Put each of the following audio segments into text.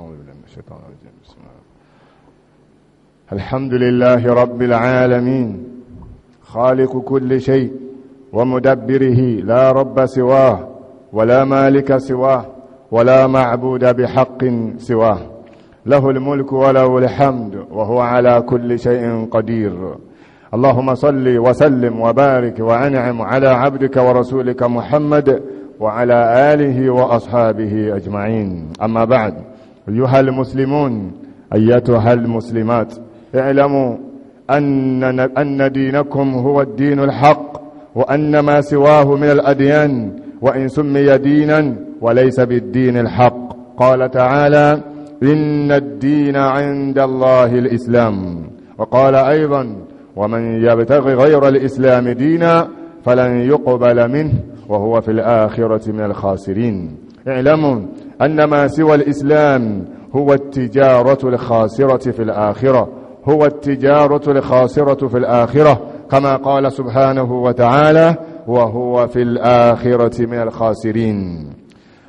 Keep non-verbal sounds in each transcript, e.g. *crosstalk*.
أعوذ بالله من الشيطان الرجيم بسم الله الحمد لله رب العالمين خالق كل شيء ومدبره لا رب سواه ولا مالك سواه ولا معبود بحق سواه له الملك وله الحمد وهو على كل شيء قدير اللهم صل وسلم وبارك وانعم على عبدك ورسولك محمد وعلى آله وأصحابه أجمعين أما بعد أيها المسلمون أيتها المسلمات اعلموا أن, أن دينكم هو الدين الحق وأن ما سواه من الأديان وإن سمي دينا وليس بالدين الحق قال تعالى إن الدين عند الله الإسلام وقال أيضا ومن يبتغ غير الإسلام دينا فلن يقبل منه وهو في الآخرة من الخاسرين اعلموا أن ما سوى الإسلام هو التجارة الخاسرة في الآخرة هو التجارة الخاسرة في الآخرة كما قال سبحانه وتعالى وهو في الآخرة من الخاسرين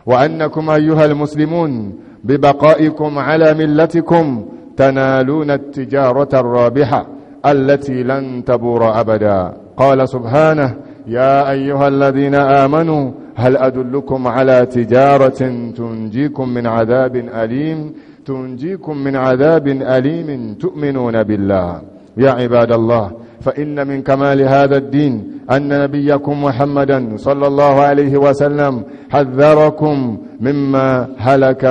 وأنكم أيها المسلمون ببقائكم على ملتكم تنالون التجارة الرابحة التي لن تبور أبدا قال سبحانه يا أيها الذين آمنوا هل أدلكم على تجارة تنجيكم من عذاب أليم تنجيكم من عذاب أليم تؤمنون بالله يا عباد الله فإن من كمال هذا الدين أن نبيكم محمدا صلى الله عليه وسلم حذركم مما هلك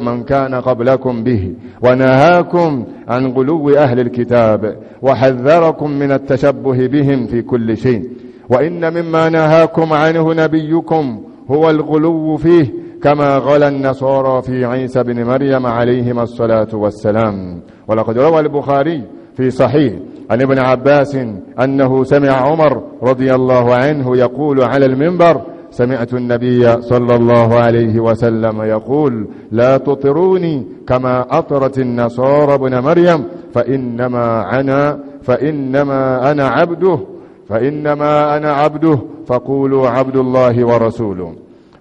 من كان قبلكم به ونهاكم عن غلو أهل الكتاب وحذركم من التشبه بهم في كل شيء وإن مما نهاكم عنه نبيكم هو الغلو فيه كما غلا النصارى في عيسى بن مريم عليهما الصلاة والسلام ولقد روى البخاري في صحيح عن ابن عباس أنه سمع عمر رضي الله عنه يقول على المنبر سمعت النبي صلى الله عليه وسلم يقول لا تطروني كما أطرت النصارى بن مريم فإنما أنا, فإنما أنا عبده فإنما أنا عبده فقولوا عبد الله ورسوله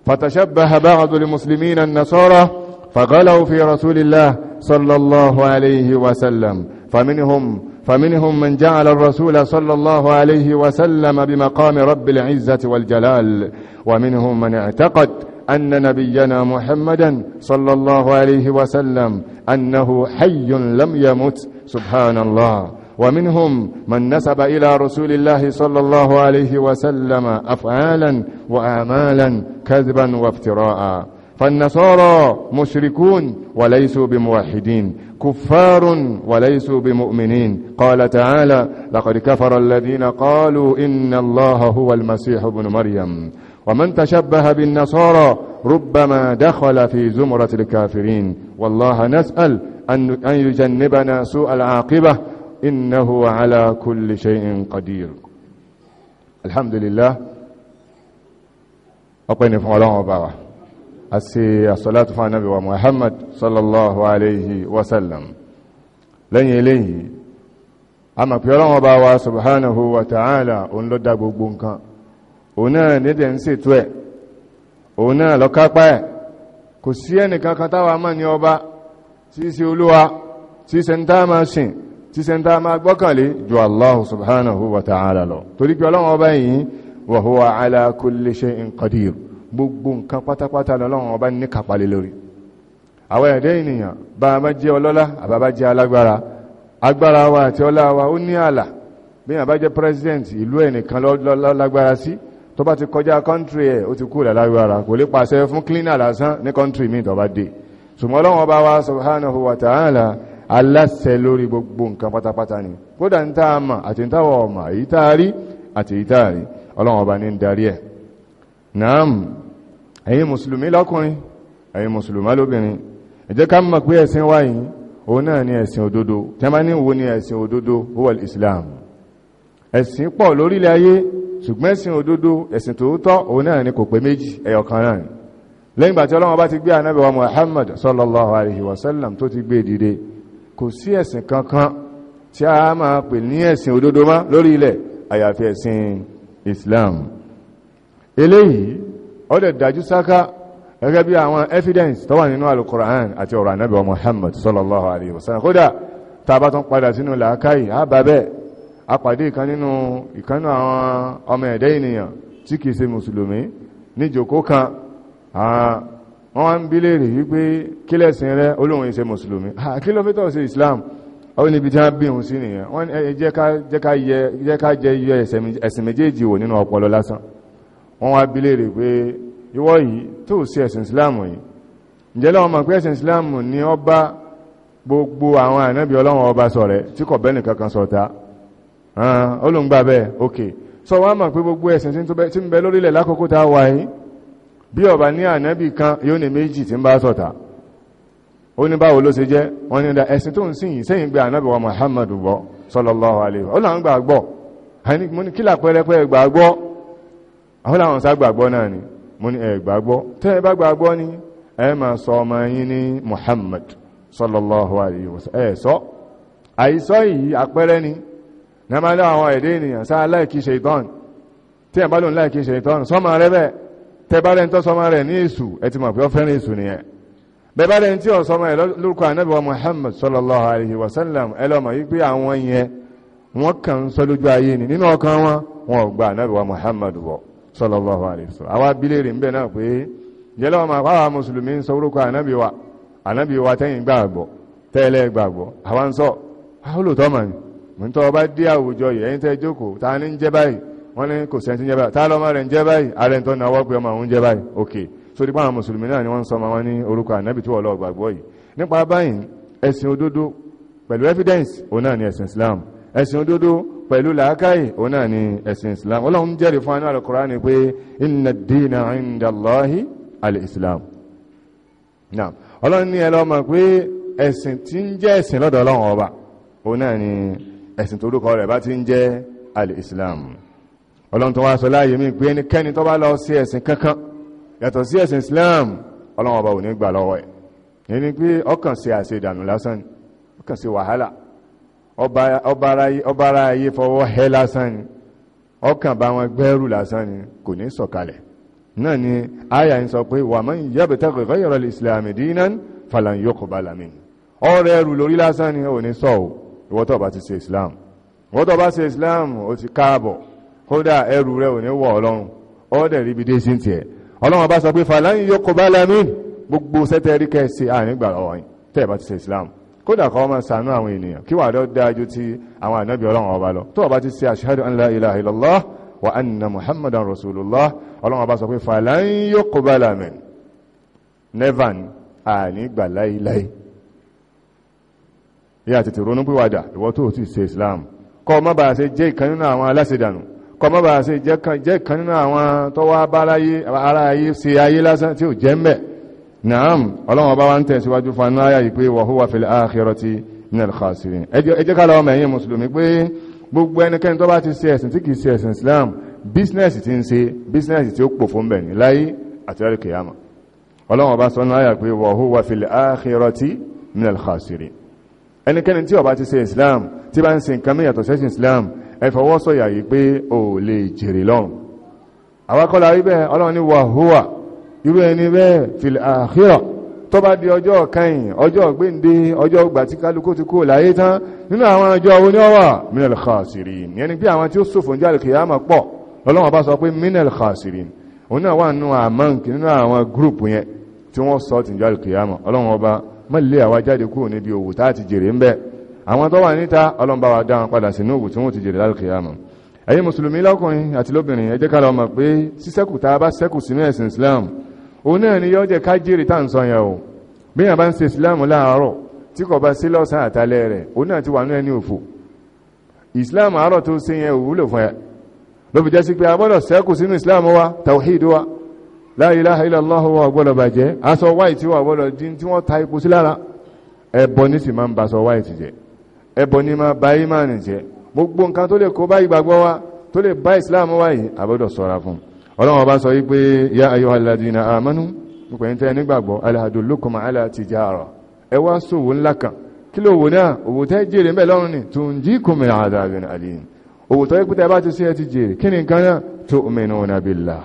فتشبه بعض المسلمين النصارى فغلوا في رسول الله صلى الله عليه وسلم فمنهم فمنهم من جعل الرسول صلى الله عليه وسلم بمقام رب العزة والجلال ومنهم من اعتقد أن نبينا محمدا صلى الله عليه وسلم أنه حي لم يمت سبحان الله ومنهم من نسب إلى رسول الله صلى الله عليه وسلم أفعالا وآمالا كذبا وافتراء فالنصارى مشركون وليسوا بموحدين كفار وليسوا بمؤمنين قال تعالى لقد كفر الذين قالوا إن الله هو المسيح ابن مريم ومن تشبه بالنصارى ربما دخل في زمرة الكافرين والله نسأل أن يجنبنا سوء العاقبة إنه على كل شيء قدير الحمد لله أقين فعلان وبارا أسي الصلاة فالنبي محمد صلى الله عليه وسلم لن يليه أما فعلان وبارا سبحانه وتعالى أنلد ببنك أنا ندن سيتوى أنا لكاقبا kò sí ẹnìkan kan táwà mọ́ ní ọba tí tí sẹ́ntà máa gbọ́kànlé ju Allahu subhanahu wa ta'ala lọ torí pé ọlọ́run ọba yìí wa huwa ala kulli shay'in qadir gbogbo nǹkan pátápátá lọ́lọ́run ọba ní kàpalẹ̀ lórí àwọn ẹ̀dẹ́ ènìyàn bá bá jẹ́ ọlọ́lá àbábá jẹ́ alágbára agbára wa àti ọlá wa ó ní àlà bí àbá jẹ́ president ìlú ẹnìkan lágbára sí tó bá ti kọjá country ẹ̀ ó ti kú lálágbára kò lè pàṣẹ fún cleaner ṣùgbọ́n ọlọ́run ọba wa subhanahu wa ta'ala aláṣẹ lórí gbogbo nǹkan pátápátá ni kódà ń tá a mà àti ń táwọ̀ ọmọ èyí tá rí àti èyí rí ọlọ́run ní darí ẹ̀ naam ẹ̀yin mùsùlùmí lọ́kùnrin ẹ̀yin mùsùlùmá lóbìnrin ẹ jẹ́ ká mọ̀ pé ẹ̀sìn wa yìí òun náà ní ẹ̀sìn òdodo islam ẹ̀sìn pọ̀ lórílẹ̀ ayé ṣùgbọ́n ẹ̀sìn òdodo ẹ̀sìn tòótọ́ òun náà ni kò pé méjì ẹyọkan muhammad sallallahu alaihi wasallam tó ti gbé e dìde kò sí ẹ̀sìn kankan tí a máa pè ní ẹ̀sìn òdodo mọ́ lórí ilẹ̀ àyàfi ẹ̀sìn Islam eléyìí ó dẹ̀ dájú sáká gẹ́gẹ́ bí àwọn evidence tó wà nínú alukoran àti ọ̀rọ̀ anábì Muhammad sallallahu alayhi wa sallam kódà tá a bá tún padà sínú làákàyè á bá bẹ́ẹ̀ a pàdé ìkan nínú ìkanú àwọn ọmọ ẹ̀dẹ́ ènìyàn tí kìí ṣe mùsùlùmí níjòkó kan wọ́n wá ń bí léèrè wípé kí lẹ́sìn rẹ olóhun ìṣe mùsùlùmí kí ló fẹ́tọ̀ sí Islam ó níbi tí wọ́n bí òun sí nìyẹn wọ́n jẹ́ ká jẹ yọ ẹ̀sìn méjèèjì wò nínú ọpọlọ lásán wọ́n wá bí léèrè pé ìwọ yìí tó sí ẹ̀sìn Islam yìí ǹjẹ́ lọ́wọ́ mọ̀ pé ẹ̀sìn Islam ni ó bá gbogbo àwọn ànábì ọlọ́wọ́n ọba sọ̀rẹ̀ tí kò bẹ́ẹ̀ nìkankan sọ̀tá olóhun gbà bẹ́ẹ̀ ok sọ wá mọ̀ pé gbogbo ẹ̀sìn tí ń bẹ lórílẹ̀ lákòókò tá a wáyé bí ọba ní ànábì kan yóò ní méjì tí ń bá ṣọ̀tá ó ní báwo ló ṣe jẹ́ wọ́n ní da ẹ̀sìn tó ń sìn yìí sẹ́yìn gbé ànábì wa Muhammad gbọ́ sallallahu alaihi ó làwọn gbà gbọ́ mo ní kílà pẹ́rẹ́pẹ́ gbà gbọ́ àwọn làwọn sá gbà gbọ́ náà ni mo ní ẹ̀ gbà gbọ́ tẹ́ ẹ bá gbà gbọ́ tẹ́bárẹ́ tó sọmọ rẹ̀ ní èṣù ẹ ti mọ̀ pé ó fẹ́ràn èṣù nìyẹn bẹ́bárẹ́ tí ó sọmọ rẹ̀ lórúkọ ànábì wa Muhammad sallallahu alaihi wasallam ẹlọ́mọ̀ yí pé àwọn yẹn wọ́n kàn ń sọ lójú ayé ni nínú ọkàn wọn wọn ò gba ànábì wa Muhammad wọ sallallahu alaihi wasallam àwa abílẹ̀ rẹ̀ ń bẹ̀ náà pé jẹ́lẹ́ ọmọ àpáwà mùsùlùmí ń sọ orúkọ ànábì wa tẹ́yìn gbàgbọ́ tẹ́lẹ̀ gbàgbọ́ àwa sọ wọ́n ní kò sẹ́ńtì jẹ́ báyìí tá lọ́mọ rẹ̀ ń jẹ́ báyìí ààrẹ tó náwó pé ọmọ òun jẹ́ báyìí ok so nípa àwọn mùsùlùmí náà ni wọ́n ń sọ ọmọ wọn ní orúkọ ànábì tí wọ́n gbàgbọ́ yìí nípa báyìí ẹ̀sìn òdodo pẹ̀lú evidence òun náà ni ẹ̀sìn Islam ẹ̀sìn òdodo pẹ̀lú làákàyè òun náà ni ẹ̀sìn Islam ọlọ́run jẹ́rìí fún anú qurani pé inna dina 'inda Allahi al-Islam náà ọlọ́run ní ẹlọ́mọ pé ẹ̀sìn tí ń jẹ́ ẹ̀sìn lọ́dọ̀ ọlọ́run ọba al-Islam ọlọ́run tó wá sọ láàyè mí pé ẹnikẹ́ni tó bá lọ sí ẹ̀sìn kankan yàtọ̀ sí ẹ̀sìn Islam ọlọ́run ọba ò ní gbà lọ́wọ́ ẹ̀ ẹni pé ọkàn sí àṣẹ ìdànù lásán ni ọkàn sí wàhálà ọba ara ayé fọwọ́ hẹ́ lásán ni ọkàn bá wọn gbẹ́rù lásán ni kò ní sọ̀kalẹ̀ náà ni àyà ń sọ pé wa man yabtaghi ghayra al-islami dinan falan yuqbala min ọ̀rẹ́ ẹrù lórí lásán ni ò ní sọ ò ìwọ́tọ̀ bá ti ṣe Islam ìwọ́tọ̀ bá ṣe Islam ó ti káàbọ̀ kódà ẹrù rẹ̀ ò ní wọ̀ ọlọ́run ọ́dẹ̀ ríbi dé sí ti ẹ̀ ọlọ́run bá sọ pé fàlàyìn yóò kọ bá lámì gbogbo sẹ́tẹ̀rí kẹsì ànígbà ọ̀yìn tẹ́ bá ti ṣe Islam kódà kọ́ ọmọ sànú àwọn ènìyàn kí wà lọ́ọ́ dájú ti àwọn ànábì ọlọ́run ọba lọ tó bá ti ṣe ashhadu an la ilaha illallah wa anna muhammadan rasulullah ọlọ́run bá sọ pé fàlàyìn yóò kọ bá lámì nevan ànígbà láíláí yíya tètè ronú pé wàdà ìwọ tó ti ṣe Islam kọ́ ọmọ bá ṣe jẹ́ ìkan nínú àwọn aláṣẹdànù kọmọ́bà sí jẹ́ kan nínú àwọn tó wá bá ara ayé sí ayé lásán tí ó jẹ́ mẹ́ naam ọlọ́wọ́n bá wá ń tẹ̀síwájú fún ayá yìí pé wàhúwà fil akhirati minal khasirin ẹjẹ́ ká lọ́wọ́ mẹ́yìn mùsùlùmí pé gbogbo ẹnikẹ́ni tó bá ti ṣe ẹ̀sìn tí kìí ṣe ẹ̀sìn Islam bísínẹ́sì ti ń ṣe bísínẹ́sì tí ó pò fún bẹ̀ ní láyé àti láyé kìyàmà ọlọ́wọ́n bá sọ ẹfọwọ́ sọ̀yà yìí pé o lè jèrè lọ́run àwákọ́lá rí bẹ́ẹ̀ ọlọ́run ní wàhúwà irú ẹni bẹ́ẹ̀ fil akhirah tó bá di ọjọ́ kẹyìn ọjọ́ gbéǹde ọjọ́ ìgbà tí kálukú ti kú láyé tán nínú àwọn ọjọ́ owó ní ọwà minal khasirin yẹni bí àwọn tí ó sòfò jáde kìyàmà pọ̀ lọ́lọ́wọ́ bá sọ pé minal khasirin òun àwọn tó wà níta ọlọ́mbà wa dáhùn padà sínú òwò tí wọ́n ti jèrè lálùkìyàmọ̀ ẹ̀yin mùsùlùmí lọ́kùnrin àti lóbìnrin ẹ jẹ́ ká lọ pé sísẹ́kù tá a bá sẹ́kù sínú ẹ̀sìn islam òun náà ni yóò jẹ́ ká jèrè tá à ń sọ yẹn o bí yàn bá ń ṣe islam láàárọ̀ tí kò bá sí lọ́sàn àtàlẹ́ rẹ̀ òun náà ti wà nú ẹni òfò islam àárọ̀ tó ṣe yẹn òwúlò fún ẹ ló fi jẹ́ sí pé a gbọ́dọ̀ sẹ́kù sínú islam wa tawhid wa la ilaha illallah wa gbọ́dọ̀ bàjẹ́ aṣọ wáìtì wa gbọ́dọ̀ dín tí wọ́n ta ipò sí lára ẹ̀bọ ní sì máa ń baṣọ wáìtì jẹ́ ẹbọ ní máa bá ìmánì jẹ́ gbogbo nǹkan tó lè kó bá ìgbàgbọ́ wa tó lè bá islam wa yìí àbọ́dọ̀ sọ́ra fún ọlọ́wọ́ bá sọ wípé ya ayyuha alladhina amanu nípẹ̀yìntẹ́ nígbàgbọ́ alhadullukum ala tijara ẹ wá ṣòwò ńlá kan kí ló wò náà òwò tẹ́ jèrè ń bẹ̀ lọ́rùn ni tunjikum min billah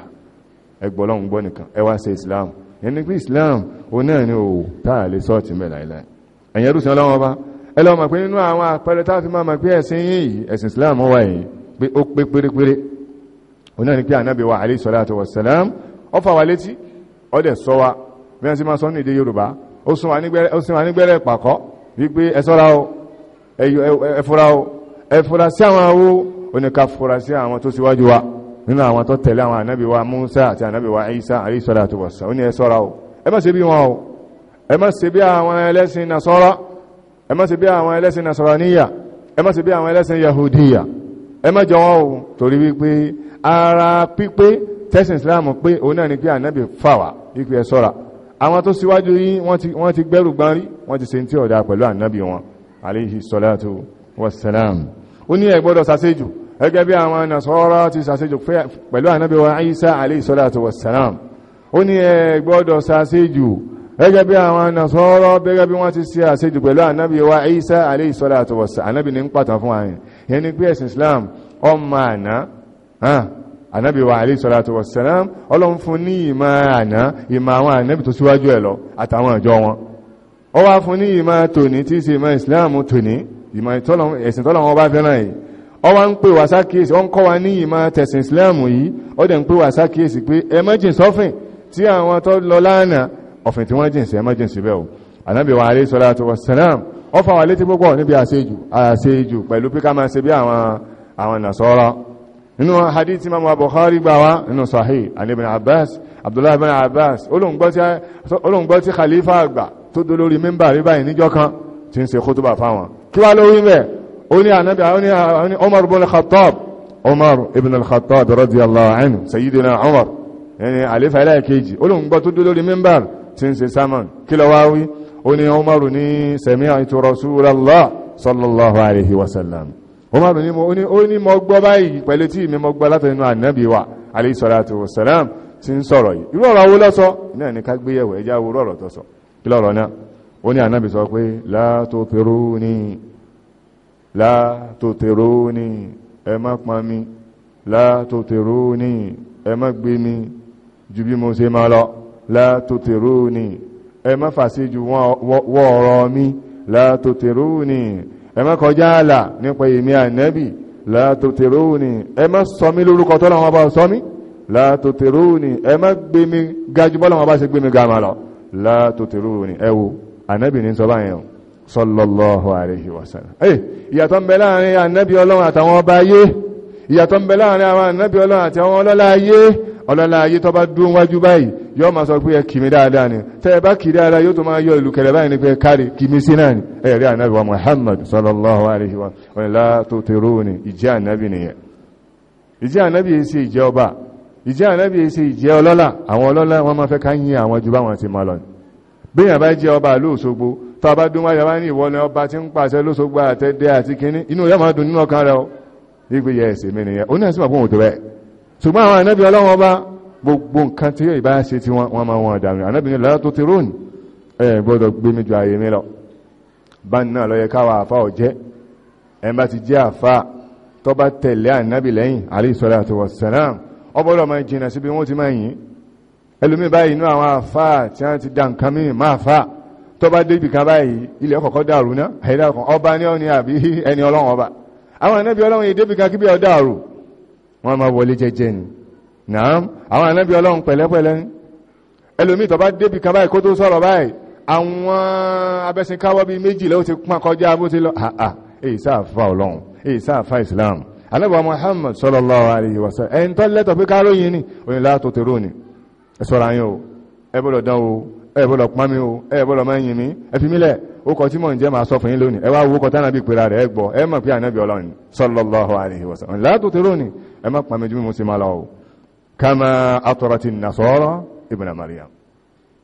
ẹgbọ́lọ́hun gbọ́ nìkan islam ẹni pé islam ni òwò táà lè sọ́ọ̀tì mẹ́ láìláì ọlọ́wọ́ bá ẹ lọ mọ̀ pé nínú àwọn àpẹẹrẹ tá a fi máa mọ̀ pé ẹ̀sìn yìí ẹ̀sìn Islam wà yìí pé ó pé pérépéré òun náà ni pé ànábì wa alayhi salatu wassalam ó fà wá létí ó dẹ̀ sọ wa bí wọ́n ti máa sọ ní èdè Yorùbá ó sún wa nígbẹ́rẹ́ pàkọ́ wípé ẹ ṣọ́ra o ẹ fura o ẹ fura sí àwọn awó nínú àwọn tó tẹ̀lé àwọn ànábì Musa àti ànábì Isa alayhi salatu ó ní ẹ ṣọ́ra o ẹ má bí wọn o ẹ má bí àwọn ẹlẹ́sìn Nasara ẹ má ṣe bí àwọn ẹlẹ́sìn nasaraniya ẹ má ṣe bí àwọn ẹlẹ́sìn yahudiya ẹ má jọ wọn o torí wípé ara pípé tẹ́sìn islamu pé òun náà ni pé ànábì fàwà wípé ẹ sọ́ra àwọn tó síwájú yín wọ́n ti gbẹ́rù gbọ́n wọ́n ti ṣe ní ẹ gbọ́dọ̀ pẹ̀lú ànábì wọn Isa gẹ́gẹ́ bí àwọn nasọ́rọ́ gẹ́gẹ́ bí wọ́n ti ṣe àṣejù pẹ̀lú ànábì wa Isa alayhi salatu wassalam ànábì ní ń pàtàn fún àyìn yẹn ni pé ẹ̀sìn Islam ọmọ àná ànábì wa alayhi salatu wassalam ọlọ́run fún ní ìmọ̀ àná ìmọ̀ àwọn ànábì tó síwájú ẹ̀ lọ àtàwọn ìjọ wọn ó wá fún ní ìmọ̀ tòní tí í ṣe ìmọ̀ Islam tòní ìmọ̀ ẹ̀sìn tọ́lọ́run ọba fẹ́ràn yìí ń pè wá sákìyèsí ó kọ́ wa ní ìmọ̀ tẹ̀sìn Islam yìí ó ń pè wá sákìyèsí pé ẹ sọ́fìn tí àwọn tó lọ lánàá ọ̀fìn tí wọ́n jìnsẹ̀ ẹmọ́ jìnsẹ̀ bẹ́ẹ̀ o anábì wa alẹ́ sọ́lá tó wọ́sẹ̀lẹ́m ó fa wà létí púpọ̀ níbi àṣejù àṣejù pẹ̀lú pé ká máa ṣe bí àwọn àwọn nàṣọ́rọ́ nínú hadith imam Bukhari gbà wá nínú sahih an ibn Abbas Abdullah ibn Abbas olóńgbọ́ tí khalifa àgbà tó dó lórí mímbà rí báyìí níjọ́ kan tí ń ṣe khutuba fáwọn kí wá lórí mẹ́ ó ní anábì ó ní Umar ibn al-Khattab Umar ibn al-Khattab radiyallahu anhu sayyidina Umar yani àlefa ẹlẹ́ẹ̀kejì olóńgbọ́ tó dó lórí mímbà rí tí ń ṣe sermon kí lọ wá wí ó ní Umaru ní sami'tu Rasulullah sallallahu alaihi wasallam Umaru ní ó mo gbọ́ báyìí pẹ̀lú tí mi mo gbọ́ látẹnu ànábì wa alaihi salatu wasalam tí ń sọ̀rọ̀ yìí irú ọ̀rọ̀ wo ló sọ náà ní ká gbéyẹ̀wò ẹjá wo ọ̀rọ̀ tó sọ kí lọ́rọ̀ náà ó ní ànábì sọ pé la tutiruni la tutiruni ẹ látòtèrú ni ẹ má fàṣíjú wọ ọ̀rọ̀ mi látòtèrú ni ẹ má kọjá àlà nípa èmi ànẹ́bì látòtèrú ni ẹ má sọ mí lórúkọ tó lọ́wọ́ bá sọ mí látòtèrú ni ẹ má gbé mi gajú bọ́lọ́wọ́ bá ṣe gbé mi gàmà lọ látòtèrú sallallahu alayhi wa sallam ẹ eh, ìyàtọ̀ ń bẹ láàrin ànẹ́bì ọlọ́run àtàwọn ọba ayé ìyàtọ̀ ń bẹ àwọn ànẹ́bì ọlọ́run àti àwọn ọlọ́lá ayé ọlọ́lá ayé tó bá dúró wájú báyìí yóò máa sọ pé ẹ kìmí dáadáa ni tẹ́ ẹ bá kì dáadáa yóò tó máa yọ ìlú kẹrẹ báyìí ni pé kárí kìmí sí náà ni ẹ̀rí ànábì wa Muhammad sallallahu alaihi wa ọ̀lá tó tẹ̀rọ ni ìjẹ́ ànábì nìyẹn ìjẹ́ ànábì yìí sí ìjẹ́ ọba ìjẹ́ ànábì yìí sí ìjẹ́ ọlọ́lá àwọn ọlọ́lá wọn máa fẹ́ ká yín àwọn ju báwọn ti máa lọ bíyàn bá jẹ́ ọba ṣùgbọ́n àwọn ànábì ọlọ́wọ́n bá gbogbo nǹkan tí yóò bá ṣe tí wọ́n máa wọn dànù ànábì ní lọ́rọ̀ tó ti rónì ẹ gbọ́dọ̀ gbé mi ju ààyè mi lọ bá náà lọ yẹ káwa àfa ọ̀jẹ́ ẹ bá ti jẹ́ àfa tó bá tẹ̀lé ànábì lẹ́yìn alayhi salatu wassalam ọbọ̀lọ́ máa jìnà síbi wọ́n ti máa yìn ẹlòmí báyìí inú àwọn àfa tí ọlọ́run ọba àwọn ànábì bí ọ dàrú wọ́n máa wọlé jẹ́jẹ́ ni náà àwọn ànábì ọlọ́run pẹ̀lẹ́pẹ̀lẹ́ ni ẹlòmíì tó bá débi kan báyìí kó tó sọ̀rọ̀ báyìí àwọn abẹ́sìnkáwọ́ bíi méjìlá ó ti pọn kọjá bó ti lọ àà èyí sáàfà ọlọ́run èyí sáàfà islam anábà muhammad sallallahu alayhi wa sallam ẹni tó lẹ́tọ̀ pé káróyìn ni onílá tó tèrò ni ẹ sọ́ra yín o ẹ bọ́lọ̀ dán o ẹ bọ́lọ̀ pọ́nmi o ẹ bọ́lọ̀ mẹ́yìn mi ẹ fi mílẹ̀ ó kọ tí mò ń jẹ́ máa sọ fún yín lónìí ẹ wá wo kọ tánàbí pera rẹ̀ ẹ ẹ mọ̀ pé ànábì ọlọ́run sallallahu alaihi wasallam látò tó lónìí ẹ má pàmì jùmọ̀ kama atọrọtì nasọrọ ibn Maryam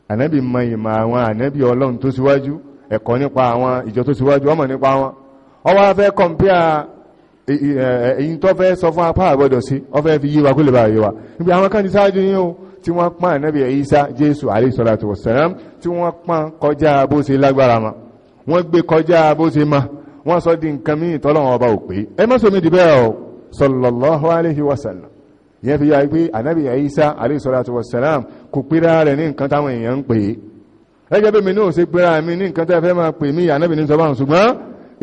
ànábì mọ ìmọ̀ àwọn ànábì ọlọ́run tó síwájú ẹ̀kọ́ nípa àwọn ìjọ tó síwájú ọmọ nípa wọn ọ wá fẹ́ kọ̀mpíà èyí tó fẹ́ sọ fún apá àgbọ́dọ̀ sí ọ fẹ́ fi yíwa kó lè bá yíwa níbi àwọn kan ti tí wọ́n pán ànábì Ìsá Jésù alayhi salatu wassalam tí wọ́n pán kọjá bó ṣe lágbára wọn wọ́n gbé kọjá bó ṣe ma wọ́n sọ di nǹkan míì tọ́lọ́wọ́n ọba ò pé ẹ má sọmi dìbẹ́ ọ sallallahu alaihi wasallam ìyẹn fi yà pé anabi Isa alayhi salatu wassalam kò pera rẹ̀ ní nǹkan táwọn èèyàn ń pè é ẹgbẹ́ bẹ́ẹ̀ mi náà ṣe pera mi ní nǹkan tẹ́ fẹ́ máa pè mí anabi ní sọ ṣùgbọ́n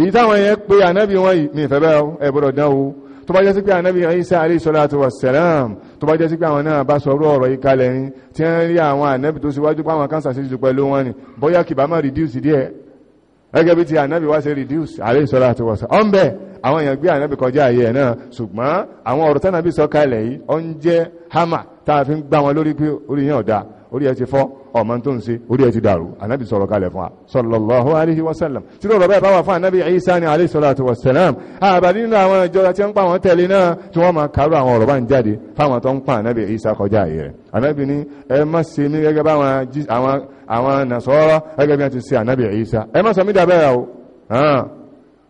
èyí táwọn èèyàn pé anabi wọn mi ìfẹ́ bẹ́ẹ̀ ẹ gbọ́dọ̀ dán o tó bá jẹ́ sí pé ànábì Ìsá alayhi salatu wassalam tó bá jẹ́ sí pé àwọn náà bá sọ ọ̀rọ̀ ìkalẹ̀ ní tí wọ́n rí àwọn ànábì tó síwájú pàwọn kánsà sí jù pẹ̀lú wọn ni bóyá kìbá má reduce díẹ̀ gẹ́gẹ́ bí ti ànábì wá ṣe reduce àrí ìṣọ́lá àti wọ̀sán ọ́n bẹ́ẹ̀ àwọn èèyàn gbé ànábì kọjá ayé ẹ̀ náà ṣùgbọ́n àwọn ọ̀rọ̀ tánàbì sọ kalẹ̀ yìí ó ń jẹ́ hámà tá a fi ń gbá wọn lórí pé orí yẹn ọ̀dà orí ẹ ti fọ́ ọmọ tó ń ṣe orí ẹ ti dàrú ànábì sọ̀rọ̀ kalẹ̀ fún wa sallallahu alaihi wasallam tí lọ́rọ̀ bẹ́ẹ̀ bá wà fún ànábì Isa ní alaihi salatu wasalam. àbá nínú àwọn ìjọra tí ń pa àwọn tẹ̀lé náà tí wọ́n máa kárú àwọn ọ̀rọ̀ bá ń jáde fáwọn tó ń pa ànábì Isa kọjá ayé rẹ̀ ànábì ní ẹ má ṣe ní gẹ́gẹ́ bá àwọn àwọn nàṣọ́rọ́ gẹ́gẹ́ bí wọ́n ti ṣe ànábì Ìsá ẹ má sọ o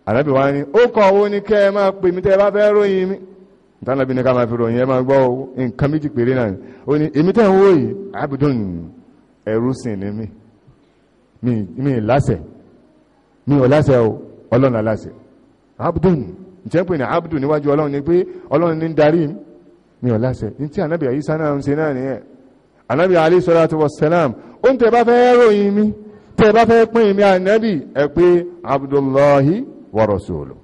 ànábì wa ni ó kàn owó ní kẹ́ ẹ máa pè mí tẹ́ ẹ bá fẹ́ ròyìn mi ni fi ròyìn ẹ máa gbọ́ nǹkan méjì péré náà ó ní èmi tẹ́ ń yìí abidun ẹrú sìn ní mi mi láṣẹ mi ò o ọlọ́run aláṣẹ abidun ìjẹ́ pé ní níwájú ọlọ́run ni pé ọlọ́run ní darí mi ò ní tí anábì alayhi salatu wassalam ó ń tẹ́ bá fẹ́ ròyìn mi tẹ́ bá fẹ́ pín mi anábì ẹ pé abdullahi wa rasuluhu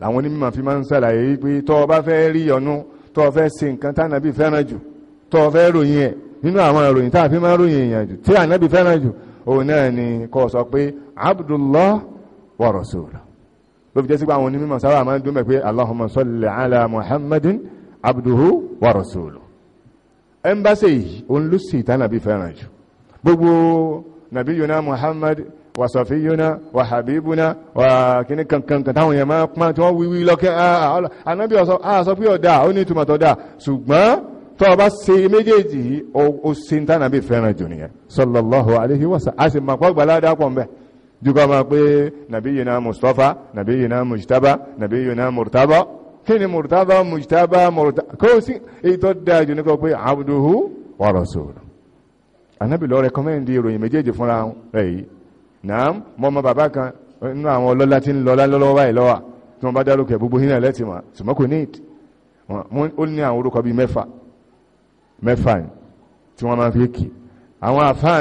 làwọn onímọ̀ fi máa ń sàlàyé pé tọ́ ọ bá fẹ́ rí ọ̀nú tọ́ ọ fẹ́ ṣe nǹkan tánàbì fẹ́ràn jù tọ́ ọ fẹ́ ròyìn ẹ̀ nínú àwọn ìròyìn tá a fi máa ń ròyìn èèyàn jù tí ànábì fẹ́ràn jù òun náà ni kọ́ sọ pé abdullah wa rasuluhu ló fi jẹ́ sípò àwọn onímọ̀ sábà máa ń dúnmẹ̀ pé allahumma salli ala muhammadin abduhu wa rasuluhu ẹmbásẹ̀ yìí òun ló sì tá nàbí fẹ́ràn jù gbogbo nàbí yona Muhammad wa sọ̀fí yona wa habibuna wa kìíní kankan táwọn yẹn máa pọ́n tí wọ́n wíwí lọ́kẹ́ anábì ah, ah, ọ̀sọ́ ah, pé ọ̀dà ó ní ìtumọ̀ tó dà ṣùgbọ́n tó bá ṣe méjèèjì yìí ó sì tá nàbí fẹ́ràn jù nìyẹn sallallahu alaihi wasallam a sì máa pọ́ gbàládà pọ̀ mbẹ́ jùgbọ́n máa pé nàbí yona Mustafa nàbí yona mujtaba nàbí yona murtaba kí ni mùrùtábà mùjtábà mùrùtábà kó sí èyí tó dáa jù ní kọ pé abduhu wa rasuluhu anábì lọ rẹkọmẹ́ndì ìròyìn méjèèjì fúnra rẹ̀ yìí náà mọ́ ọmọ bàbá kan nínú àwọn ọlọ́lá tí ń lọ́lá lọ́wọ́ báyìí lọ́wà tí wọ́n bá dárúkẹ̀ gbogbo hínà lẹ́tìmọ̀ ṣùgbọ́n kò ní ìdí ó ní àwọn orúkọ bíi mẹ́fà mẹ́fà tí wọ́n máa fi kì àwọn àfáà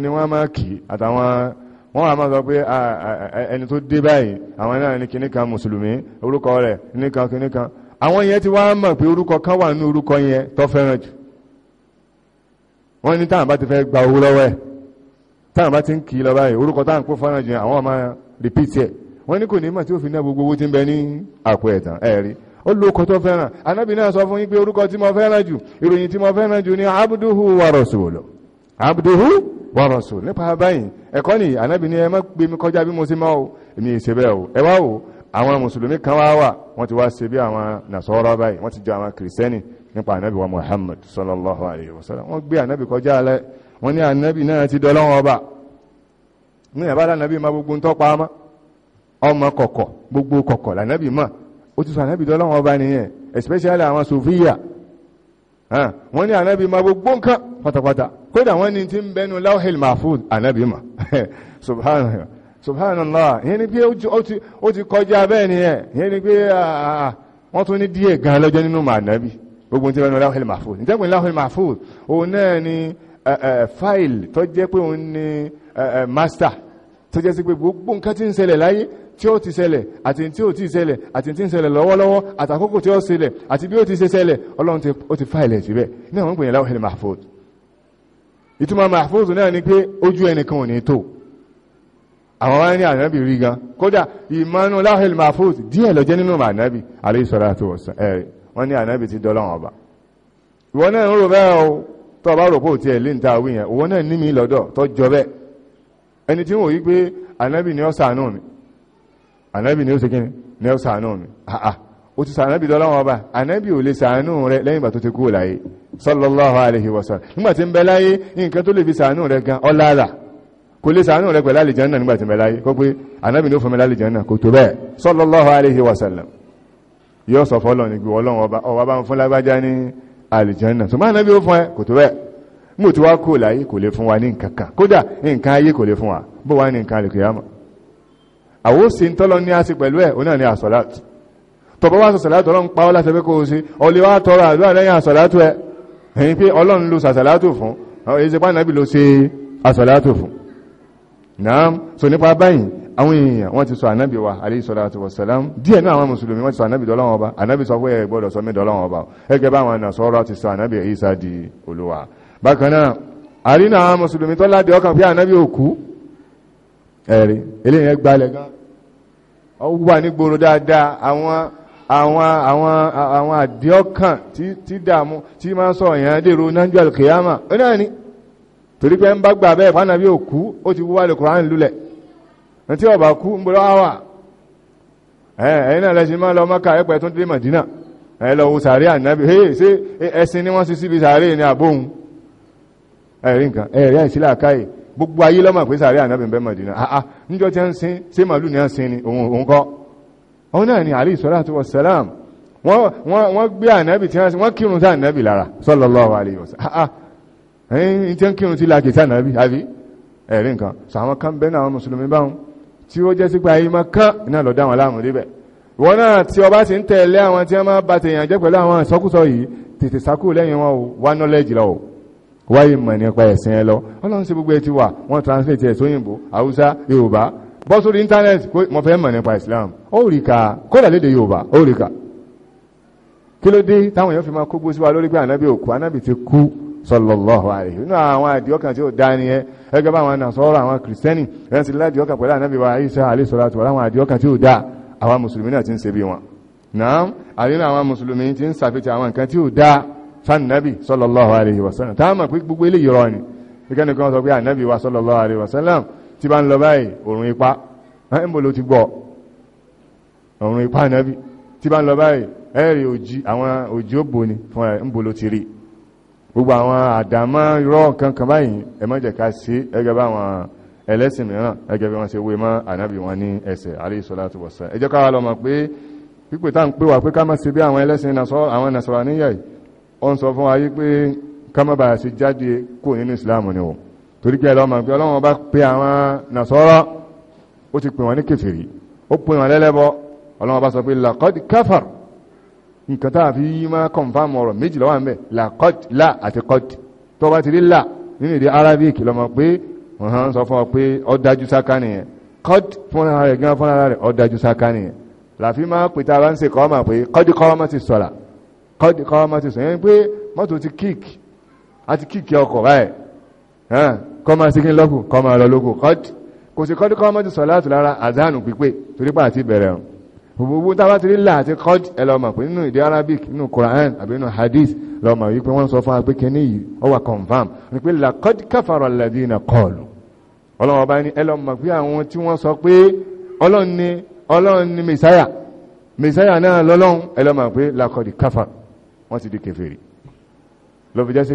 ni wọ́n máa kì àtàwọn wọ́n wà máa sọ pé ẹni tó dé báyìí àwọn náà ní kìnnìkan mùsùlùmí orúkọ rẹ̀ nika kìnnìkan àwọn yẹn ti wá mọ̀ pé orúkọ kan wà ní orúkọ yẹn tó fẹ́ràn jù wọn ní táwọn bá ti fẹ́ gba owó lọ́wọ́ ẹ̀ táwọn bá ti ń kì í lọ báyìí orúkọ táwọn kó fẹ́ràn jù àwọn máa repeat ẹ̀ wọ́n ní kò ní mọ̀ tí fi ná gbogbo owó tí bẹ ní àpò ẹ̀tàn ó lo ẹ̀kọ́ ni ànábì ní ẹ má gbé mi kọjá bí mo ṣe máa o èmi ìṣe bẹ́ẹ̀ o ẹ wá o àwọn mùsùlùmí kan wá wà wọ́n ti wá ṣe bí àwọn nàṣọ́rọ́ báyìí wọ́n ti jọ àwọn kìrìsẹ́nì nípa ànábì wa Muhammad sallallahu alayhi wa sallam wọ́n gbé ànábì kọjá alẹ́ wọ́n ní ànábì náà ti dọ́lọ́wọ́n ọba ní ẹ̀bá lànàbì má gbogbo ń tọ́pa má ọmọ kọ̀kọ̀ gbogbo kọ̀kọ̀ lànàbì má ó ti sọ ànábì dọ́lọ́wọ́n ọba nìyẹn especially àwọn sofiya wọ́n ní ànábì má gbogbo nǹkan pátápátá kódà wọ́n ní tí ń bẹnu láwọ́hìl mahfud anábìmọ̀ *laughs* subhanallah subhanallah yẹn ni pé ó ti kọjá bẹ́ẹ̀ ni ẹ̀ yẹn ni pé wọ́n tún ní díẹ̀ gan lọ́jọ́ nínú mànábì gbogbo tí bẹnu láwọ́hìl mahfud ìjẹ́pẹ̀ láwọ́hìl mahfud òun náà ni fáìl tó jẹ́ pé òun ni master tó jẹ́ sí pé gbogbo nǹkan tí ń ṣẹlẹ̀ láyé tí ó ti ṣẹlẹ̀ àti tí ó ti ṣẹlẹ̀ àti tí ń ṣẹlẹ̀ lọ́wọ́lọ́wọ́ àtàkókò tí ó ṣẹlẹ̀ àti bí ó ti ṣe ṣẹlẹ̀ ọlọ́run ti fáìlẹ̀ síbẹ̀ ní àwọn ìpìyàn láwọ́hìl mahfud ìtumọ̀ mahfuz náà ni pé ojú ẹnìkan ò ní tó àwọn wá ní ànábì rí gan kódà ìmọ̀nù láhìl mahfuz díẹ̀ lọ jẹ́ nínú ànábì alayhi salatu wassalam ẹ̀ wọ́n ní ànábì ti dọ́lọ́wọ́n ọba ìwọ náà ń rò bẹ́ẹ̀ o tó bá rò pò tí ẹ̀ lé wí yẹn òwò náà ní mi lọ́dọ̀ tó jọ bẹ́ẹ̀ ẹni tí wọ́n yí pé ànábì ni ó ṣàánú ni ó ni ó ṣàánú mi ó ti ṣàánú mi dọ́lọ́wọ́n ọba ànábì ò lè sallallahu alaihi wasallam nígbàtí ń bẹ láyé nǹkan tó lè fi sàánú rẹ̀ gan ọlára kò lè sàánú rẹ̀ pẹ̀lú àlìjánà nígbàtí ń bẹ láyé kó pé anábì ní ó fún mi lálìjánà kò tó bẹ́ẹ̀ sallallahu alaihi wasallam yóò sọ fọ́lọ̀ ní gbé ọlọ́run ọba bá ń fún lágbájá ní àlìjánà tó máa nábì ó fún ẹ kò tó bẹ́ẹ̀ mú tí wá kó láyé kò lè fún wa ní nǹkan kan kódà nǹkan ayé kò lè ẹ̀yìn pé ọlọ́run ló sàṣàlátò fún ẹ̀yẹ́sẹ̀pá nàbí ló ṣe àṣàlátò fún náà so nípa báyìí àwọn èèyàn wọ́n ti sọ ànábì wa alayhi salatu wassalam díẹ̀ náà àwọn mùsùlùmí wọ́n ti sọ ànábì dọ́lọ́wọ́ ọba ànábì sọ pé ẹ gbọ́dọ̀ sọ mí dọ́lọ́wọ́ ọba ẹgẹ́ bá àwọn nàṣọ́rọ̀ ti sọ ànábì Ìsá di Olúwa bákan náà àrínà àwọn mùsùlùmí tó ládé ọkàn pé ànábì òkú ẹ̀rí eléyìn ẹgbàálẹ̀ gan ó wà ní gbòòrò dáadáa àwọn àwọn àwọn àwọn àdíọ́kàn tí dàmú tí máa sọ èèyàn dèrò nájú alkiyama ó náà ní torí pé ń bá gbà bẹ́ẹ̀ fánà bí òkú ó ti wúwá lè kùrán lulẹ̀ tí ọba kú ń bọ́lọ́ àwà ẹ̀yìn náà lẹ́sìn máa lọ mọ́ka ẹ̀pẹ́ tó dé Mádínà ẹ̀ lọ wo sàárè ànábì hey ṣé ẹ̀sìn ni wọ́n sì síbi sàárè ní àbóhun ẹ̀rí nǹkan ẹ̀rí àìsílẹ̀ àkáyè gbogbo ayé lọ́mọ̀ pé sàárè ànábì ń bẹ Mádínà níjọ́ tí ń sin ṣé màlúù ni ń sin ni òun kọ́ òun náà ni alayhi salatu wassalam wọ́n gbé ànábì tí wọ́n kírun sí ànábì lára sallallahu alayhi wa sallam ah, ah. ẹ̀yìn tí wọ́n kírun sí lákè sí ànábì àbí ẹ̀rí nǹkan sọ àwọn kan bẹ́ẹ̀ náà mùsùlùmí báwọn tí ó jẹ́ sí pé ayé máa kán iná dá wọn láàmú débẹ̀ wọ́n náà tí ọba sì ń tẹ̀lé àwọn tí wọ́n máa ba tèèyàn jẹ́ pẹ̀lú àwọn ìsọkúsọ yìí tètè sákú o wá knowledge lọ o wá ìmọ̀ nípa ẹ̀sìn ẹ lọ ọlọ́run sí gbogbo ẹ ti wà wọ́n translate ẹ̀ sóyìnbó haúsá yorùbá bọ́ sórí íńtánẹ́ẹ̀tì pé mo fẹ́ mọ̀ nípa Islam ó rí ka kódà léde Yorùbá ó rí ka kí ló dé táwọn èèyàn fi máa kó gbósíwá lórí pé ànábì òkú ànábì ti kú sallallahu alaihi nínú àwọn àdìọ́kàn tí ó dá ní ẹ ẹgbẹ́ bá àwọn nàṣọ́rọ̀ àwọn kìrìsìtẹ́nì rẹ̀ sí ládìọ́kàn pẹ̀lú ànábì wa Isa alayhi salatu àwọn àdìọ́kàn tí ó dá àwọn mùsùlùmí náà ti ń ṣe bí wọn náà àrínà àwọn mùsùlùmí ti ń ṣàfihàn àwọn nǹkan tí ó dá fánàbì sallallahu alaihi wasallam táwọn mọ̀ pé gbogbo eléyìí rọ ni ìkẹ́nìkan sọ pé ànábì wa sallallahu alaihi wasallam tí bá ń lọ báyìí òrùn ipá ẹ̀mbò ló ti gbọ́ òrùn ipá náàbí tí bá ń lọ báyìí ẹ̀rì òjì àwọn òjì ó bò ní fún ẹ̀mbò ló ti rí gbogbo àwọn àdámọ́ irọ́ kankan báyìí ẹmọ́jẹ̀ká sí ẹgẹ́ bá àwọn ẹlẹ́sìn mìíràn ẹgẹ́ bí wọ́n ṣe wé mọ́ ànábì salatu wassalam ẹjọ́ káwà lọ mọ̀ pé pípẹ́ tá ń pè wà pé ká má ṣe bí àwọn ẹlẹ́sìn àwọn nàṣọ́rà níyà yìí ó ń torí pé ẹlọ́mọ pé ọlọ́wọ́n bá pé àwọn nàṣọ́rọ́ ó ti pè wọ́n ní kèfèrí ó pè wọ́n lẹ́lẹ́bọ ọlọ́wọ́n bá sọ pé laqad kafar nǹkan tá a fi máa confam ọ̀rọ̀ méjì lọ́wọ́ àmì laqad la àti qad tó bá ti rí la nínú èdè arabic lọ́mọ pé wọ́n hàn sọ fún ọ pé ọ dájú sáká nìyẹn qad fúnra rẹ̀ gan fúnra rẹ̀ ọ dájú sáká nìyẹn làfi máa pè kọ́mọ síkín lọ́kù kọ́mọ ọlọ́lọ́kù kọ́dì kò sí kọ́dì kọ́mọ ti sọ̀láàtù lára àdánù pípé torípa àti bẹ̀rẹ̀ ọ̀n gbogbo tábà ti rí là àti kọ́dì ẹlọ́mọ̀ pé nínú èdè Arabic nínú Quran àbí nínú hadith lọ́mọ̀ wípé wọ́n sọ fún wa pé kíní yìí ó wà confam wípé làkọ́dì káfàrọ̀ káfàrọ̀ wọ́n ti di kèfèrí lọ́fi jẹ́ sí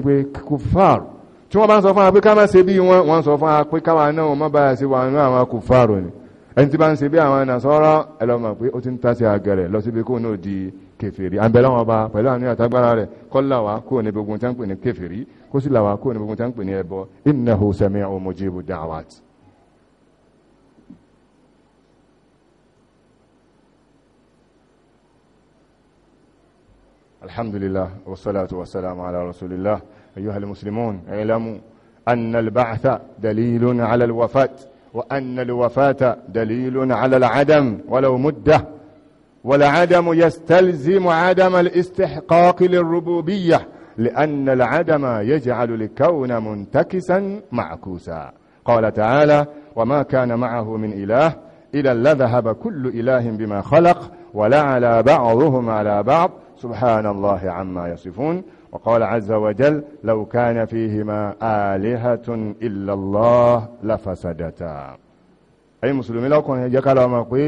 tí wọ́n bá ń sọ fún wa pé ká má ṣe bí wọn wọ́n sọ fún wa pé káwa náà wọ́n má báyà sí wa nínú àwọn akùfààrò ni ẹni tí bá ń ṣe bí àwọn nàṣọ́rọ́ ẹlọ́mọ̀ pé ó ti ń tàṣe àgẹ̀rẹ̀ lọ síbi kó náà di kèfèrí àbẹ̀lẹ̀ wọn pẹ̀lú àwọn àtagbára rẹ̀ kọ́ làwà kó ní gbogbo tí wọ́n ń pè ní kèfèrí kó sì làwà kó ní gbogbo tí wọ́n ń pè ní ẹbọ innahu sami'un mujibu da'awat الحمد لله والصلاة والسلام على رسول الله أيها المسلمون اعلموا أن البعث دليل على الوفاة وأن الوفاة دليل على العدم ولو مدة والعدم يستلزم عدم الاستحقاق للربوبية لأن العدم يجعل الكون منتكسا معكوسا قال تعالى وما كان معه من إله إذا لذهب كل إله بما خلق ولعلى بعضهم على بعض سبحان الله عما يصفون وقال عز وجل لو كان فيهما آلهة إلا الله لفسدتا ẹ̀yin mùsùlùmí lọ́kùnrin jẹ́ ká lọ mọ̀ pé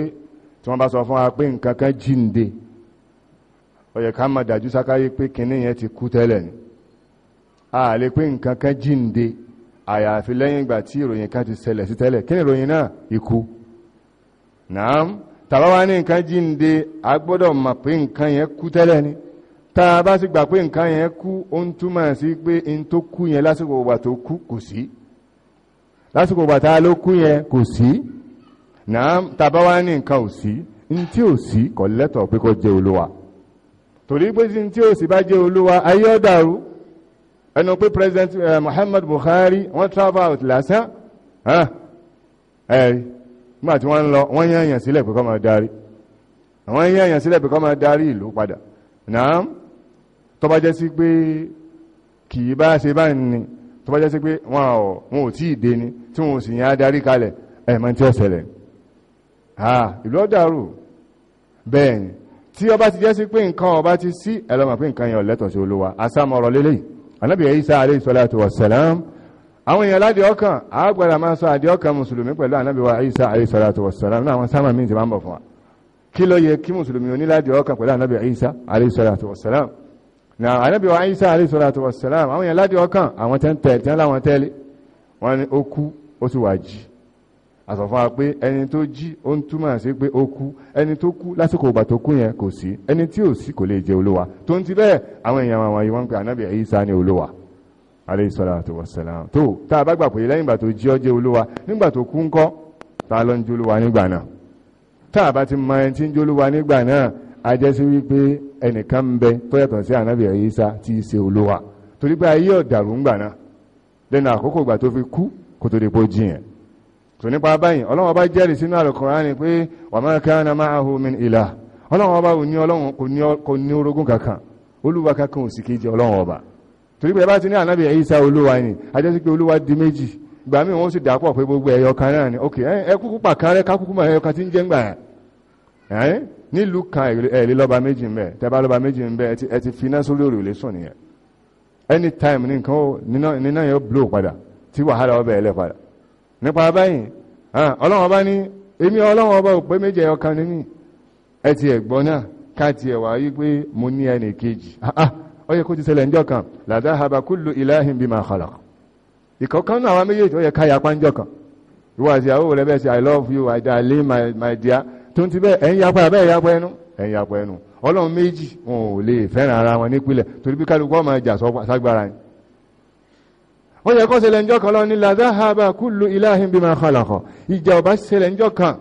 tí wọ́n bá sọ fún wa pé nǹkan kan jíǹde ó yẹ ká mọ̀ dájú sákáyé pé kinní yẹn ti kú tẹ́lẹ̀ ni a lè pé nǹkan kan jíǹde àyàfi lẹ́yìn ìgbà tí ìròyìn kan ti ṣẹlẹ̀ sí tẹ́lẹ̀ kí ni ìròyìn náà ikú naam tàbá wá ní nǹkan jíǹde a gbọ́dọ̀ mọ̀ pé nǹkan yẹn kú tẹ́lẹ̀ ni tá a bá sì gbà pé nǹkan yẹn kú ó ń túmọ̀ sí pé n tó kú yẹn lásìkò ìgbà tó kú kò sí lásìkò ìgbà tá a ló kú yẹn kò sí náà tàbá ní nǹkan ò sí n tí ò sí kò lẹ́tọ̀ọ́ pé kò jẹ́ olúwa torí pé n tí ò sí bá jẹ́ olúwa ayé ó ẹnu pé president eh, Muhammad Buhari wọ́n travel out lásán ẹ̀rí nígbà tí wọ́n ń lọ wọ́n yán èèyàn sílẹ̀ pé kó máa darí àwọn yán èèyàn sílẹ̀ pé kó máa darí ìlú padà náà tó bá jẹ́ sí pé kì í bá ṣe bá ní tó bá jẹ́ sí pé wọn ò tí ì dé ni tí wọn ò sì yàn adarí kalẹ̀ ẹ̀mọ́ tí ó ṣẹlẹ̀ ìlú ọ̀dàrú bẹ́ẹ̀ ni tí ọba ti jẹ́ sí pé nǹkan ọba ti sí ẹlọ́mọ̀ pé nǹkan yẹn ọ̀lẹ́tọ̀ sí olúwa asámọ̀rọ̀ lélẹ́yìí anábìyẹ Isa alayhi salatu wassalam àwọn èèyàn láti ọkàn àgbàdà máa sọ àdí ọkàn mùsùlùmí pẹ̀lú ànábì wa Isa alayhi salatu wassalam náà àwọn sáàmà míì ti máa ń bọ̀ fún wa kí ló yẹ kí mùsùlùmí oníláàdì ọkàn pẹ̀lú ànábì Isa alayhi salatu wassalam na ànábì Isa alayhi salatu wassalam àwọn èèyàn láti ọkàn àwọn tẹ́ ń tẹ̀ láwọn tẹ́lẹ̀ wọ́n ní ó kú ó sì wá jí wa pé ẹni tó jí ó ń túmọ̀ sí pé ó kú ẹni tó kú lásìkò ìgbà tó kú yẹn kò sí ẹni tí ò sí kò lè jẹ olówa tó ń ti bẹ́ẹ̀ Isa ní olówa aleyhi salatu wa tá a bá gbà pé lẹ́yìn ìgbà tó jí ọjẹ́ olúwa nígbà tó kú ńkọ́ tá a lọ ń jólúwa nígbà náà tá a bá ti mọ ẹni tí ń jólúwa nígbà náà a jẹ́ sí wípé ẹnìkan ń bẹ tó yàtọ̀ sí ànábì Ìsá tí í ṣe olúwa torí pé ayé ọ̀dàrú ńgbà náà lẹ́nu àkókò ìgbà tó fi kú kó tó dépò jiyàn tò nípa báyìí ọlọ́wọ́n bá jẹ́rìí sínú àlùkùránì pé wa kejì ọlọ́wọ́n ọba torí pé bá ti ní ànábì Ìsá olúwa ni ajẹ́sí pé olúwa di méjì ìgbà míì wọ́n sì dàpọ̀ pé gbogbo ẹ̀yọ kan náà ni ok ẹ kúkú pàkan rẹ kákúkú mọ̀ ẹ̀yọ kan tí ń jẹ́ ń gbà ẹ̀ nílùú kan ẹ̀lẹ́ lọ́ba méjì ń bẹ tẹ́bá lọ́ba méjì ń bẹ ẹ ti fi iná sórí òrùlé sùn nìyẹn anytime ní nǹkan níná yóò blow padà tí wàhálà ọbẹ̀ ẹlẹ́ padà nípa báyìí ọlọ́wọ́n bá ní èmi ọlọ́wọ́n bá pé méjì ẹ̀yọ kan ní mí ẹ ti ẹ̀gbọ́n ó yẹ kó ti ṣẹlẹ̀ ńjọ́ kan la dhahaba kullu ilahin bima khalaq ìkọ̀ọ̀kan náà àwọn méjèèjì ó yẹ ká yapa ńjọ́ kan ìwọ àti ìyàwó rẹ bẹ́ẹ̀ sẹ́ i love you i darling my, my dear tó ń ti bẹ́ẹ̀ ẹ̀yin yapa bẹ́ẹ̀ yapa ẹnu ẹ̀yin yapa ẹnu ọlọ́run méjì wọn ò lè fẹ́ràn ara wọn nípìnlẹ̀ torí bí kálukú ọmọ ìjà ságbára ni ó yẹ kó ṣẹlẹ̀ ńjọ́ kan lọ ní la dhahaba kullu ilahin bima khalaq ìjà ò bá ṣẹlẹ̀ ńjọ́ kan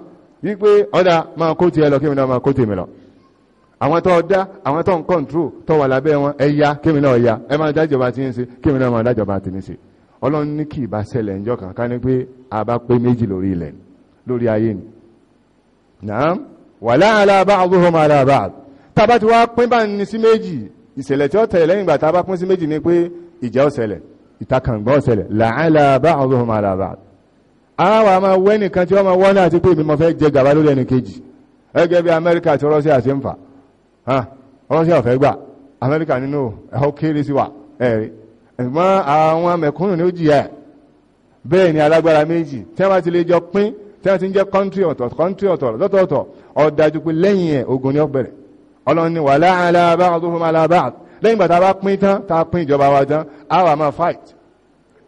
wípé ọ̀dà máa kó àwọn tó dá àwọn tó ń kọ́ńtró tó wà lábẹ́ wọn ẹ ya kémi náà ya ẹ máa dájọba tí ń ṣe kémi náà máa dájọba tí ń ṣe ọlọ́run ní kì í bá ṣẹlẹ̀ kan ká ní pé a bá pé méjì lórí ilẹ̀ lórí ayé ni. nàám wàlá ala ba'dhum ala ba'd tá a bá ti wá pín bá ní sí méjì ìṣẹ̀lẹ̀ tí ó tẹ̀lé lẹ́yìn ìgbà tá a bá pín sí méjì ni pé ìjà ó ṣẹlẹ̀ ìtakàngbọ́n ó ṣẹlẹ̀ la'ala ba'dhum ala ba'd. àwa máa wẹ́nìkan tí wọ́n máa wọ́n náà ti pé èmi mo fẹ́ jẹ gàba lórí ẹnì kejì ẹgẹ́ bí Amẹ́ríkà àti Rọ́ṣíà àti ń fà ọlọ́sẹ̀ ọ̀fẹ́ gbà amẹ́ríkà nínú ẹ̀họ́ kéré sí wa ẹ̀rí ẹ̀gbọ́n àwọn mẹ̀kúnnù ni ó jìyà bẹ́ẹ̀ ni alágbára méjì tí wọ́n ti lè jọ pín tí wọ́n ti ń jẹ́ kọ́ńtírì ọ̀tọ̀ kọ́ńtírì ọ̀tọ̀ lọ́tọ̀ọ̀tọ̀ ọ̀dájú pé lẹ́yìn ẹ̀ ogun ni ó bẹ̀rẹ̀ ọlọ́run ni wà láàlábá ọdún alábá lẹ́yìn bàtà bá pín tán tá a pín ìjọba wa tán a wà máa fight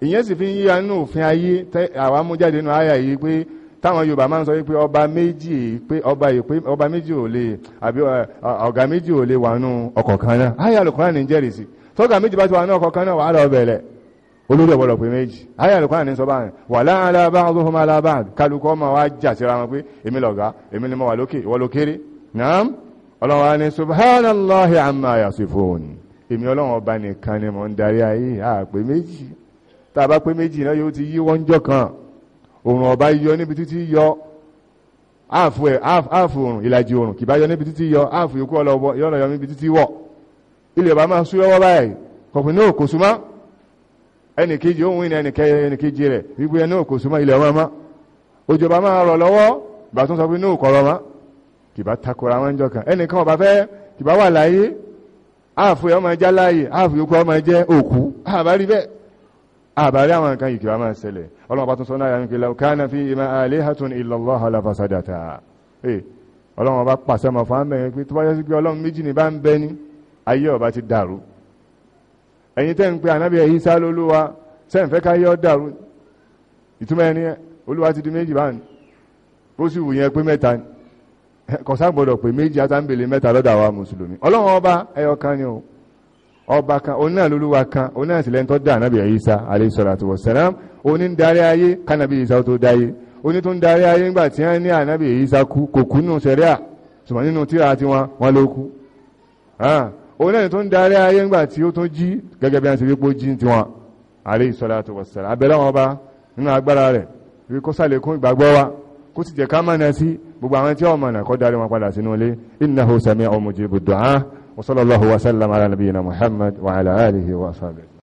ìyẹn sì fi ń yíya nínú òfin ayé àwa mú jáde nínú àyà yìí pé táwọn yorùbá máa ń sọ pé ọba méjì pé ọba yìí pé ọba méjì ò lè àbí ọ̀gá méjì ò lè wà nù ọkọ̀ kan náà ayé alùpùpù ní jẹ́rìí sí tọ́gà méjì bá ti wà nù ọkọ̀ kan náà wà á lọ bẹ̀rẹ̀ olórí ọ̀pọ̀lọ̀ méjì ayé alùpùpù ní sọ báyìí wà láàrín alábàádùn alábàádùn kálukú ọmọ jà síra wọn pé èmi lọ̀gá èmi ni mo wà lókè ìwọ ló naam ọlọ́wọ́ ni amma yasifun èmi ọlọ́wọ́ ọba nìkan ni mo a bá pé méjì náà yóò ti yí òrùn ọ̀bá yọ níbi títí yọ áàfù ẹ̀ áàfù òrùn ìlàjì òrùn kìbá yọ níbi títí yọ áàfù yòókù ọlọ́wọ́ yọ́nà yọ níbi títí wọ̀ ilẹ̀ ọba máa sú lọ́wọ́ báyìí kọ̀pù ní òkò súnmọ́ ẹnì kejì òun ní ẹnì kejì rẹ̀ wípé ẹni òkò súnmọ́ ilẹ̀ ọmọ mọ́ òjò bá máa rọ̀ lọ́wọ́ bá tún sọ pé ní òkọ̀ rọ̀ mọ́ kìbá takora wọn jọ kan ẹnì kan ọba fẹ́ kìbá wà láyé áàfù ẹ̀ àbárí àwọn nǹkan ìkìlá máa ṣẹlẹ̀ ọlọ́run bá tún sọ náà yàmìkì law kana fihima alihatun illa Allah la fasadata eh, ọlọ́run bá pàṣẹ mọ̀ fún àmì pé tó bá yẹ sí pé ọlọ́run méjì ní kọ̀sá gbọ́dọ̀ pé méjì atáǹbèlè mẹ́ta lọ́dọ̀ àwa mùsùlùmí ọlọ́run ọba ẹyọ kan ni o ọba kan òun náà lolúwa kan òun náà sì lẹ́ni tó dá ànábì Ìsá alayhi salatu wassalam òun ní darí ayé kánábì Ìsá tó dáyé òun tó ń darí ayé nígbà tí wọ́n ní ànábì Ìsá kú kò kú nù sẹ́ríà ṣùgbọ́n nínú tíra tiwọn wọn ló kú òun náà tó ń darí ayé nígbà tí ó tún jí gẹ́gẹ́ bí wọ́n ti wípé ó jí tiwọn alayhi salatu wassalam abẹ́rẹ́ wọn bá nínú agbára rẹ̀ wí kó sàlékún ìgbàgbọ́ wa kó sì jẹ́ ká mọ̀nà sí gbogbo àwọn tí wọ́n mọ̀nà kó darí wọn padà sínú ilé innahu sami'un mujibud du'a وصلى الله وسلم على نبينا محمد وعلى آله وأصحابه